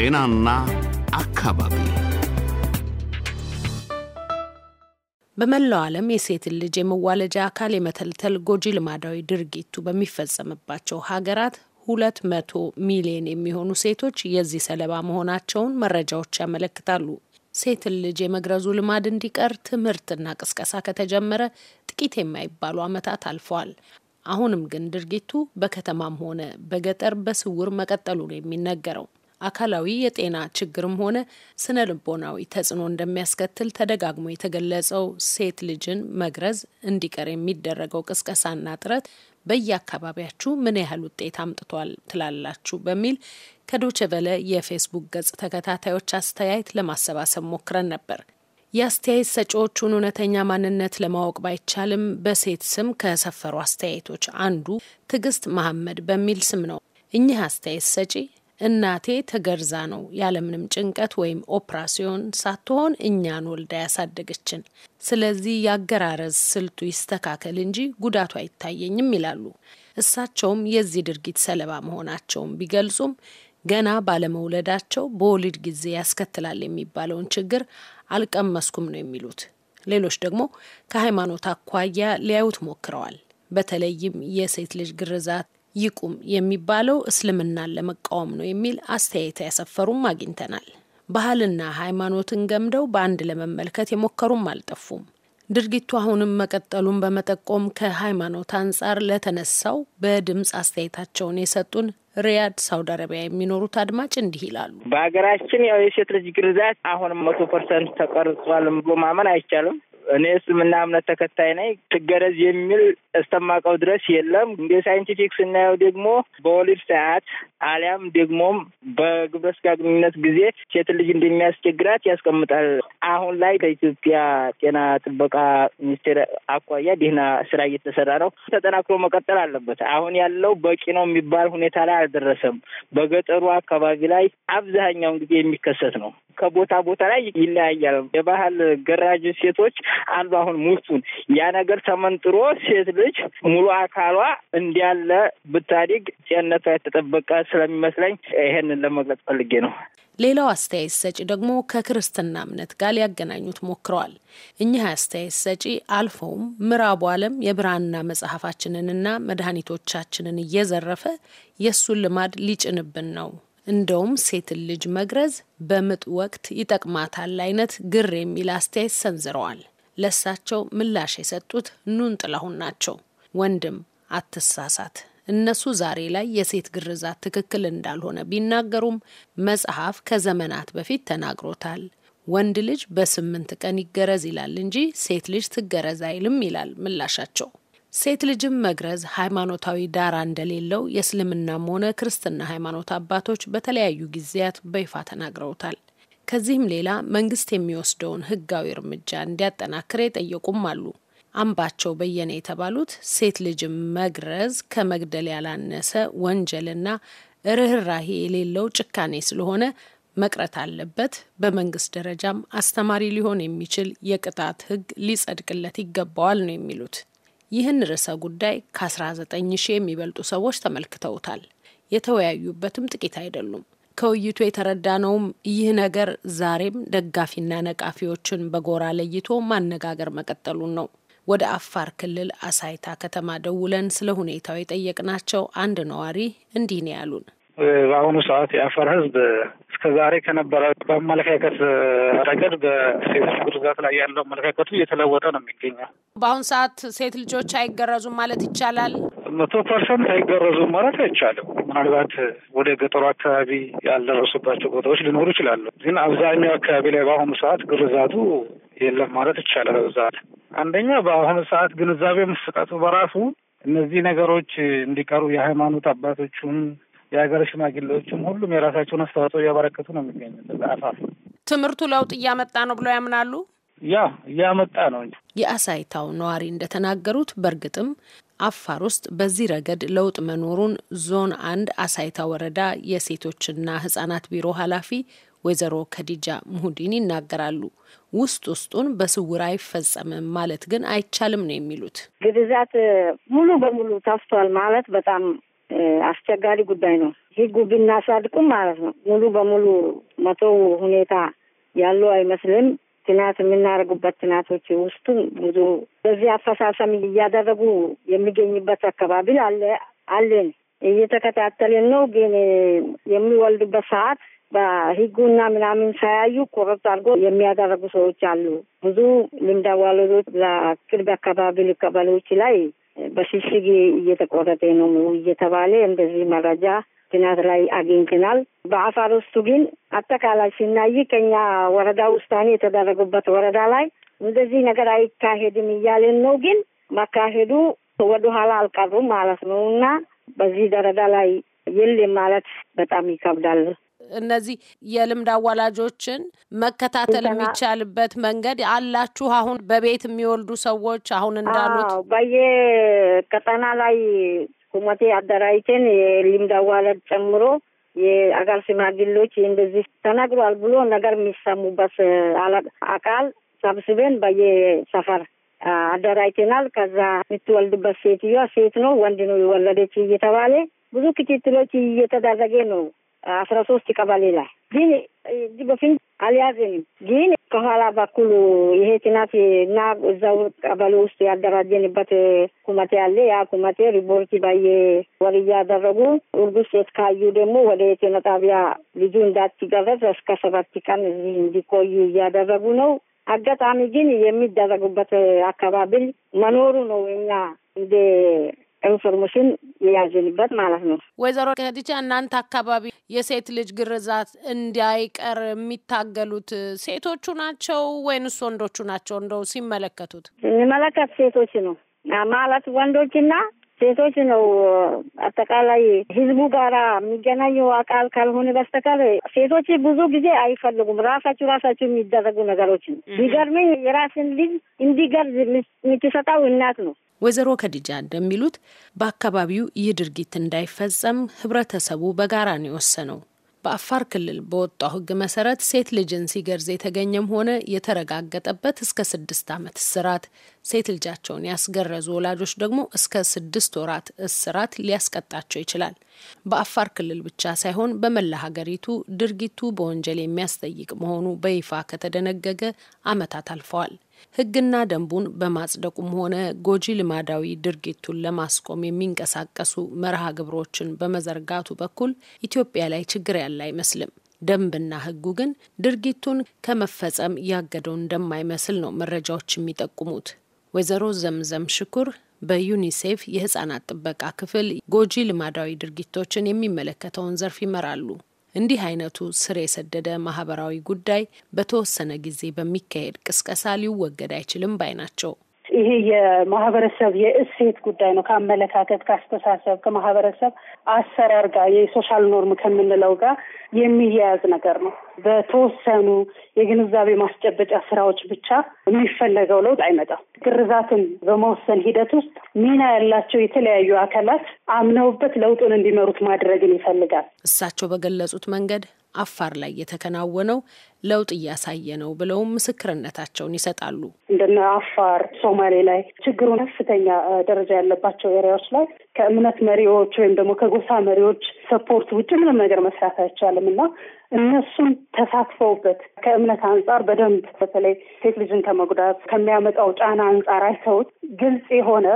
ጤናና አካባቢ በመላው ዓለም የሴትን ልጅ የመዋለጃ አካል የመተልተል ጎጂ ልማዳዊ ድርጊቱ በሚፈጸምባቸው ሀገራት ሁለት መቶ ሚሊዮን የሚሆኑ ሴቶች የዚህ ሰለባ መሆናቸውን መረጃዎች ያመለክታሉ። ሴትን ልጅ የመግረዙ ልማድ እንዲቀር ትምህርትና ቅስቀሳ ከተጀመረ ጥቂት የማይባሉ ዓመታት አልፈዋል። አሁንም ግን ድርጊቱ በከተማም ሆነ በገጠር በስውር መቀጠሉ ነው የሚነገረው። አካላዊ የጤና ችግርም ሆነ ስነ ልቦናዊ ተጽዕኖ እንደሚያስከትል ተደጋግሞ የተገለጸው ሴት ልጅን መግረዝ እንዲቀር የሚደረገው ቅስቀሳና ጥረት በየአካባቢያችሁ ምን ያህል ውጤት አምጥቷል ትላላችሁ? በሚል ከዶቸበለ የፌስቡክ ገጽ ተከታታዮች አስተያየት ለማሰባሰብ ሞክረን ነበር። የአስተያየት ሰጪዎቹን እውነተኛ ማንነት ለማወቅ ባይቻልም በሴት ስም ከሰፈሩ አስተያየቶች አንዱ ትዕግስት መሐመድ በሚል ስም ነው። እኚህ አስተያየት ሰጪ እናቴ ተገርዛ ነው ያለምንም ጭንቀት ወይም ኦፕራሲዮን ሳትሆን እኛን ወልዳ ያሳደገችን። ስለዚህ የአገራረዝ ስልቱ ይስተካከል እንጂ ጉዳቱ አይታየኝም ይላሉ። እሳቸውም የዚህ ድርጊት ሰለባ መሆናቸውን ቢገልጹም ገና ባለመውለዳቸው በወሊድ ጊዜ ያስከትላል የሚባለውን ችግር አልቀመስኩም ነው የሚሉት። ሌሎች ደግሞ ከሃይማኖት አኳያ ሊያዩት ሞክረዋል። በተለይም የሴት ልጅ ግርዛት ይቁም የሚባለው እስልምናን ለመቃወም ነው የሚል አስተያየት ያሰፈሩም አግኝተናል። ባህልና ሃይማኖትን ገምደው በአንድ ለመመልከት የሞከሩም አልጠፉም። ድርጊቱ አሁንም መቀጠሉን በመጠቆም ከሃይማኖት አንጻር ለተነሳው በድምፅ አስተያየታቸውን የሰጡን ሪያድ ሳውዲ አረቢያ የሚኖሩት አድማጭ እንዲህ ይላሉ። በሀገራችን ያው የሴት ልጅ ግርዛት አሁን መቶ ፐርሰንት ተቀርጿል ማመን አይቻልም። እኔ እስልምና እምነት ተከታይ ነኝ። ትገረዝ የሚል እስተማቀው ድረስ የለም። እንደ ሳይንቲፊክ ስናየው ደግሞ በወሊድ ሰዓት አሊያም ደግሞም በግብረ ስጋ ግንኙነት ጊዜ ሴት ልጅ እንደሚያስቸግራት ያስቀምጣል። አሁን ላይ ከኢትዮጵያ ጤና ጥበቃ ሚኒስቴር አኳያ ደህና ስራ እየተሰራ ነው። ተጠናክሮ መቀጠል አለበት። አሁን ያለው በቂ ነው የሚባል ሁኔታ ላይ አልደረሰም። በገጠሩ አካባቢ ላይ አብዛኛውን ጊዜ የሚከሰት ነው። ከቦታ ቦታ ላይ ይለያያል። የባህል ገራጅ ሴቶች አንዱ አሁን ሙስጡን ያ ነገር ተመንጥሮ ሴት ልጅ ሙሉ አካሏ እንዲያለ ብታዲግ ጤንነቷ የተጠበቀ ስለሚመስለኝ ይሄንን ለመግለጽ ፈልጌ ነው። ሌላው አስተያየት ሰጪ ደግሞ ከክርስትና እምነት ጋር ሊያገናኙት ሞክረዋል። እኚህ አስተያየት ሰጪ አልፈውም ምዕራቡ ዓለም የብራና መጽሐፋችንንና መድኃኒቶቻችንን እየዘረፈ የእሱን ልማድ ሊጭንብን ነው እንደውም ሴትን ልጅ መግረዝ በምጥ ወቅት ይጠቅማታል አይነት ግር የሚል አስተያየት ሰንዝረዋል። ለሳቸው ምላሽ የሰጡት ኑን ጥላሁን ናቸው። ወንድም አትሳሳት፣ እነሱ ዛሬ ላይ የሴት ግርዛት ትክክል እንዳልሆነ ቢናገሩም መጽሐፍ ከዘመናት በፊት ተናግሮታል። ወንድ ልጅ በስምንት ቀን ይገረዝ ይላል እንጂ ሴት ልጅ ትገረዝ አይልም ይላል ምላሻቸው። ሴት ልጅም መግረዝ ሃይማኖታዊ ዳራ እንደሌለው የእስልምናም ሆነ ክርስትና ሃይማኖት አባቶች በተለያዩ ጊዜያት በይፋ ተናግረውታል። ከዚህም ሌላ መንግስት የሚወስደውን ህጋዊ እርምጃ እንዲያጠናክር የጠየቁም አሉ። አምባቸው በየነ የተባሉት ሴት ልጅም መግረዝ ከመግደል ያላነሰ ወንጀልና ርኅራሄ የሌለው ጭካኔ ስለሆነ መቅረት አለበት፣ በመንግስት ደረጃም አስተማሪ ሊሆን የሚችል የቅጣት ህግ ሊጸድቅለት ይገባዋል ነው የሚሉት። ይህን ርዕሰ ጉዳይ ከ19 ሺህ የሚበልጡ ሰዎች ተመልክተውታል። የተወያዩበትም ጥቂት አይደሉም። ከውይይቱ የተረዳ ነውም ይህ ነገር ዛሬም ደጋፊና ነቃፊዎችን በጎራ ለይቶ ማነጋገር መቀጠሉን ነው። ወደ አፋር ክልል አሳይታ ከተማ ደውለን ስለ ሁኔታው የጠየቅናቸው አንድ ነዋሪ እንዲህ ነው ያሉን። በአሁኑ ሰዓት የአፋር ሕዝብ እስከ ዛሬ ከነበረ በአመለካከት ረገድ በሴቶች ግርዛት ላይ ያለው አመለካከቱ እየተለወጠ ነው የሚገኘው። በአሁኑ ሰዓት ሴት ልጆች አይገረዙም ማለት ይቻላል። መቶ ፐርሰንት አይገረዙም ማለት አይቻልም። ምናልባት ወደ ገጠሩ አካባቢ ያልደረሱባቸው ቦታዎች ሊኖሩ ይችላሉ። ግን አብዛኛው አካባቢ ላይ በአሁኑ ሰዓት ግርዛቱ የለም ማለት ይቻላል። በብዛት አንደኛ በአሁኑ ሰዓት ግንዛቤ መስጠቱ በራሱ እነዚህ ነገሮች እንዲቀሩ የሃይማኖት አባቶቹም የሀገር ሽማግሌዎችም ሁሉም የራሳቸውን አስተዋጽኦ እያበረከቱ ነው የሚገኙት። ትምህርቱ ለውጥ እያመጣ ነው ብለው ያምናሉ። ያ እያመጣ ነው እንጂ። የአሳይታው ነዋሪ እንደተናገሩት በእርግጥም አፋር ውስጥ በዚህ ረገድ ለውጥ መኖሩን ዞን አንድ አሳይታ ወረዳ የሴቶችና ህጻናት ቢሮ ኃላፊ ወይዘሮ ከዲጃ ሙሁዲን ይናገራሉ። ውስጥ ውስጡን በስውር አይፈጸምም ማለት ግን አይቻልም ነው የሚሉት። ግድዛት ሙሉ በሙሉ ተፍቷል ማለት በጣም አስቸጋሪ ጉዳይ ነው። ህጉ ቢናሳድቁም ማለት ነው ሙሉ በሙሉ መቶ ሁኔታ ያለው አይመስልም። ጥናት የምናደርጉበት ጥናቶች ውስጡም ብዙ በዚህ አፈሳሰም እያደረጉ የሚገኝበት አካባቢ አለ አለን እየተከታተልን ነው። ግን የሚወልዱበት ሰዓት በህጉና ምናምን ሳያዩ ኮረብት አድርጎ የሚያደረጉ ሰዎች አሉ። ብዙ ልምድ አዋላጆች ለቅርብ አካባቢ ልቀበሎች ላይ በሽሽግ እየተቆረጠ ነው እየተባለ እንደዚህ መረጃ ጥናት ላይ አግኝተናል። በአፋር ውስጡ ግን አጠቃላይ ሲናይ ከኛ ወረዳ ውሳኔ የተደረጉበት ወረዳ ላይ እንደዚህ ነገር አይካሄድም እያልን ነው። ግን ማካሄዱ ወደ ኋላ አልቀሩም ማለት ነው እና በዚህ ደረጃ ላይ የለም ማለት በጣም ይከብዳል። እነዚህ የልምድ አዋላጆችን መከታተል የሚቻልበት መንገድ አላችሁ? አሁን በቤት የሚወልዱ ሰዎች አሁን እንዳሉት በየቀጠና ላይ ኮሚቴ አደራጅተን የልምድ ጨምሮ የአገር ሽማግሌዎች እንደዚህ ተናግሯል ብሎ ነገር የሚሰሙበት አቃል ሰብስበን በየሰፈር አደራጅተናል። ከዛ የምትወልድበት ሴትዮዋ ሴት ነው ወንድ ነው የወለደች እየተባለ ብዙ ክትትሎች እየተደረገ ነው። አስራ ሶስት ቀበሌ ላይ ግን እዚህ በፊት አልያዘንም። ግን ከኋላ በኩል ይሄ ትናት እና እዛው ቀበሌ ውስጥ ያደራጀንበት ኩመቴ አለ። ያ ኩመቴ ሪፖርት ባየ ወር እያደረጉ እርጉዝ ሴት ካዩ ደግሞ ወደ ጤና ጣቢያ ልጁ እንዳትገረዝ እስከ ሰባት ቀን እዚህ እንዲቆዩ እያደረጉ ነው። አጋጣሚ ግን የሚደረጉበት አካባቢ መኖሩ ነው እኛ እንደ ኢንፎርሜሽን የያዝንበት ማለት ነው። ወይዘሮ ከዲቻ እናንተ አካባቢ የሴት ልጅ ግርዛት እንዳይቀር የሚታገሉት ሴቶቹ ናቸው ወይንስ ወንዶቹ ናቸው? እንደው ሲመለከቱት የሚመለከት ሴቶች ነው ማለት ወንዶችና ሴቶች ነው። አጠቃላይ ህዝቡ ጋራ የሚገናኘው አካል ካልሆነ በስተቀር ሴቶች ብዙ ጊዜ አይፈልጉም። ራሳቸው ራሳቸው የሚደረጉ ነገሮች ነው። ቢገርምኝ የራስን ልጅ እንዲገርዝ የምትሰጠው እናት ነው። ወይዘሮ ከዲጃ እንደሚሉት በአካባቢው ይህ ድርጊት እንዳይፈጸም ህብረተሰቡ በጋራ ነው የወሰነው። በአፋር ክልል በወጣው ህግ መሰረት ሴት ልጅን ሲገርዝ የተገኘም ሆነ የተረጋገጠበት እስከ ስድስት ዓመት እስራት፣ ሴት ልጃቸውን ያስገረዙ ወላጆች ደግሞ እስከ ስድስት ወራት እስራት ሊያስቀጣቸው ይችላል። በአፋር ክልል ብቻ ሳይሆን በመላ ሀገሪቱ ድርጊቱ በወንጀል የሚያስጠይቅ መሆኑ በይፋ ከተደነገገ ዓመታት አልፈዋል። ህግና ደንቡን በማጽደቁም ሆነ ጎጂ ልማዳዊ ድርጊቱን ለማስቆም የሚንቀሳቀሱ መርሃ ግብሮችን በመዘርጋቱ በኩል ኢትዮጵያ ላይ ችግር ያለ አይመስልም። ደንብና ህጉ ግን ድርጊቱን ከመፈጸም ያገደው እንደማይመስል ነው መረጃዎች የሚጠቁሙት። ወይዘሮ ዘምዘም ሽኩር በዩኒሴፍ የህጻናት ጥበቃ ክፍል ጎጂ ልማዳዊ ድርጊቶችን የሚመለከተውን ዘርፍ ይመራሉ። እንዲህ አይነቱ ስር የሰደደ ማህበራዊ ጉዳይ በተወሰነ ጊዜ በሚካሄድ ቅስቀሳ ሊወገድ አይችልም ባይ ናቸው። ይሄ የማህበረሰብ የእሴት ጉዳይ ነው። ከአመለካከት፣ ከአስተሳሰብ፣ ከማህበረሰብ አሰራር ጋር የሶሻል ኖርም ከምንለው ጋር የሚያያዝ ነገር ነው። በተወሰኑ የግንዛቤ ማስጨበጫ ስራዎች ብቻ የሚፈለገው ለውጥ አይመጣም። ግርዛትን በመወሰን ሂደት ውስጥ ሚና ያላቸው የተለያዩ አካላት አምነውበት ለውጡን እንዲመሩት ማድረግን ይፈልጋል። እሳቸው በገለጹት መንገድ አፋር ላይ የተከናወነው ለውጥ እያሳየ ነው ብለውም ምስክርነታቸውን ይሰጣሉ። እንደነ አፋር፣ ሶማሌ ላይ ችግሩ ከፍተኛ ደረጃ ያለባቸው ኤሪያዎች ላይ ከእምነት መሪዎች ወይም ደግሞ ከጎሳ መሪዎች ሰፖርት ውጭ ምንም ነገር መስራት አይቻልም እና እነሱም ተሳትፈውበት ከእምነት አንጻር በደንብ በተለይ ሴት ልጅን ከመጉዳት ከሚያመጣው ጫና አንጻር አይተውት ግልጽ የሆነ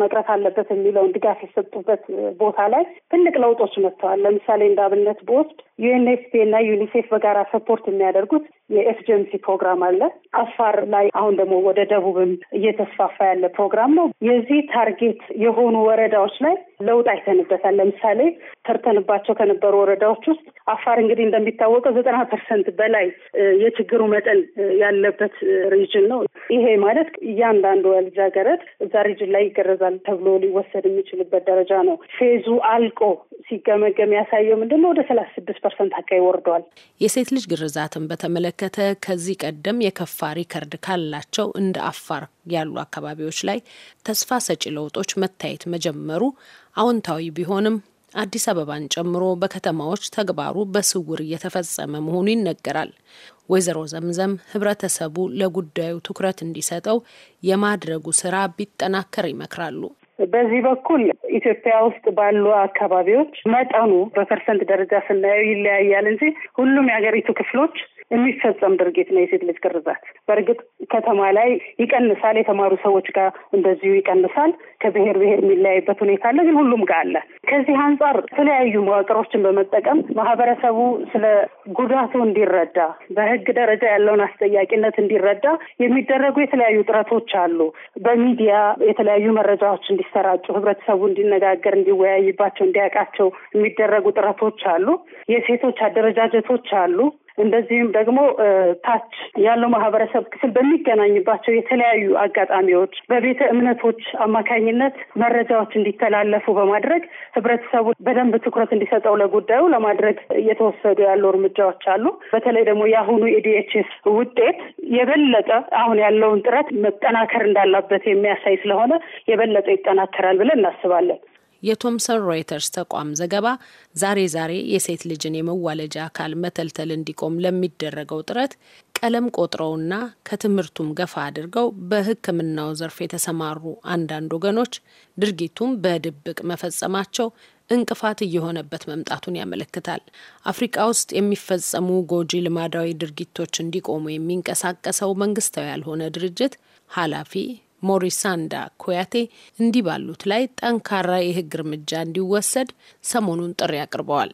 መቅረት አለበት የሚለውን ድጋፍ የሰጡበት ቦታ ላይ ትልቅ ለውጦች መጥተዋል። ለምሳሌ እንደ አብነት በወስድ ዩኤንኤፍፒ እና ዩኒሴፍ በጋራ ሰፖርት የሚያደርጉ የሚያደርጉት የኤፍጀንሲ ፕሮግራም አለ። አፋር ላይ አሁን ደግሞ ወደ ደቡብም እየተስፋፋ ያለ ፕሮግራም ነው። የዚህ ታርጌት የሆኑ ወረዳዎች ላይ ለውጥ አይተንበታል። ለምሳሌ ሰርተንባቸው ከነበሩ ወረዳዎች ውስጥ አፋር እንግዲህ እንደሚታወቀው ዘጠና ፐርሰንት በላይ የችግሩ መጠን ያለበት ሪጅን ነው። ይሄ ማለት እያንዳንዱ ልጃገረድ እዛ ሪጅን ላይ ይገረዛል ተብሎ ሊወሰድ የሚችልበት ደረጃ ነው። ፌዙ አልቆ ሲገመገም ያሳየው ምንድን ነው? ወደ ሰላሳ ስድስት ፐርሰንት አካባቢ ወርደዋል። የሴት ልጅ ግርዛትን በተመለከተ ከዚህ ቀደም የከፋ ሪከርድ ካላቸው እንደ አፋር ያሉ አካባቢዎች ላይ ተስፋ ሰጪ ለውጦች መታየት መጀመሩ አዎንታዊ ቢሆንም አዲስ አበባን ጨምሮ በከተማዎች ተግባሩ በስውር እየተፈጸመ መሆኑ ይነገራል። ወይዘሮ ዘምዘም ህብረተሰቡ ለጉዳዩ ትኩረት እንዲሰጠው የማድረጉ ስራ ቢጠናከር ይመክራሉ። በዚህ በኩል ኢትዮጵያ ውስጥ ባሉ አካባቢዎች መጠኑ በፐርሰንት ደረጃ ስናየው ይለያያል እንጂ ሁሉም የሀገሪቱ ክፍሎች የሚፈጸም ድርጊት ነው የሴት ልጅ ግርዛት። በእርግጥ ከተማ ላይ ይቀንሳል፣ የተማሩ ሰዎች ጋር እንደዚሁ ይቀንሳል። ከብሔር ብሔር የሚለያይበት ሁኔታ አለ፣ ግን ሁሉም ጋር አለ። ከዚህ አንጻር የተለያዩ መዋቅሮችን በመጠቀም ማህበረሰቡ ስለ ጉዳቱ እንዲረዳ በህግ ደረጃ ያለውን አስጠያቂነት እንዲረዳ የሚደረጉ የተለያዩ ጥረቶች አሉ። በሚዲያ የተለያዩ መረጃዎች እንዲሰራጩ፣ ህብረተሰቡ እንዲነጋገር፣ እንዲወያይባቸው፣ እንዲያውቃቸው የሚደረጉ ጥረቶች አሉ። የሴቶች አደረጃጀቶች አሉ። እንደዚህም ደግሞ ታች ያለው ማህበረሰብ ክፍል በሚገናኝባቸው የተለያዩ አጋጣሚዎች በቤተ እምነቶች አማካኝነት መረጃዎች እንዲተላለፉ በማድረግ ህብረተሰቡ በደንብ ትኩረት እንዲሰጠው ለጉዳዩ ለማድረግ እየተወሰዱ ያሉ እርምጃዎች አሉ። በተለይ ደግሞ የአሁኑ ኤዲኤችኤስ ውጤት የበለጠ አሁን ያለውን ጥረት መጠናከር እንዳለበት የሚያሳይ ስለሆነ የበለጠ ይጠናከራል ብለን እናስባለን። የቶምሰን ሮይተርስ ተቋም ዘገባ ዛሬ ዛሬ የሴት ልጅን የመዋለጃ አካል መተልተል እንዲቆም ለሚደረገው ጥረት ቀለም ቆጥረውና ከትምህርቱም ገፋ አድርገው በሕክምናው ዘርፍ የተሰማሩ አንዳንድ ወገኖች ድርጊቱም በድብቅ መፈጸማቸው እንቅፋት እየሆነበት መምጣቱን ያመለክታል። አፍሪቃ ውስጥ የሚፈጸሙ ጎጂ ልማዳዊ ድርጊቶች እንዲቆሙ የሚንቀሳቀሰው መንግስታዊ ያልሆነ ድርጅት ኃላፊ ሞሪሳንዳ ኮያቴ እንዲህ ባሉት ላይ ጠንካራ የህግ እርምጃ እንዲወሰድ ሰሞኑን ጥሪ አቅርበዋል።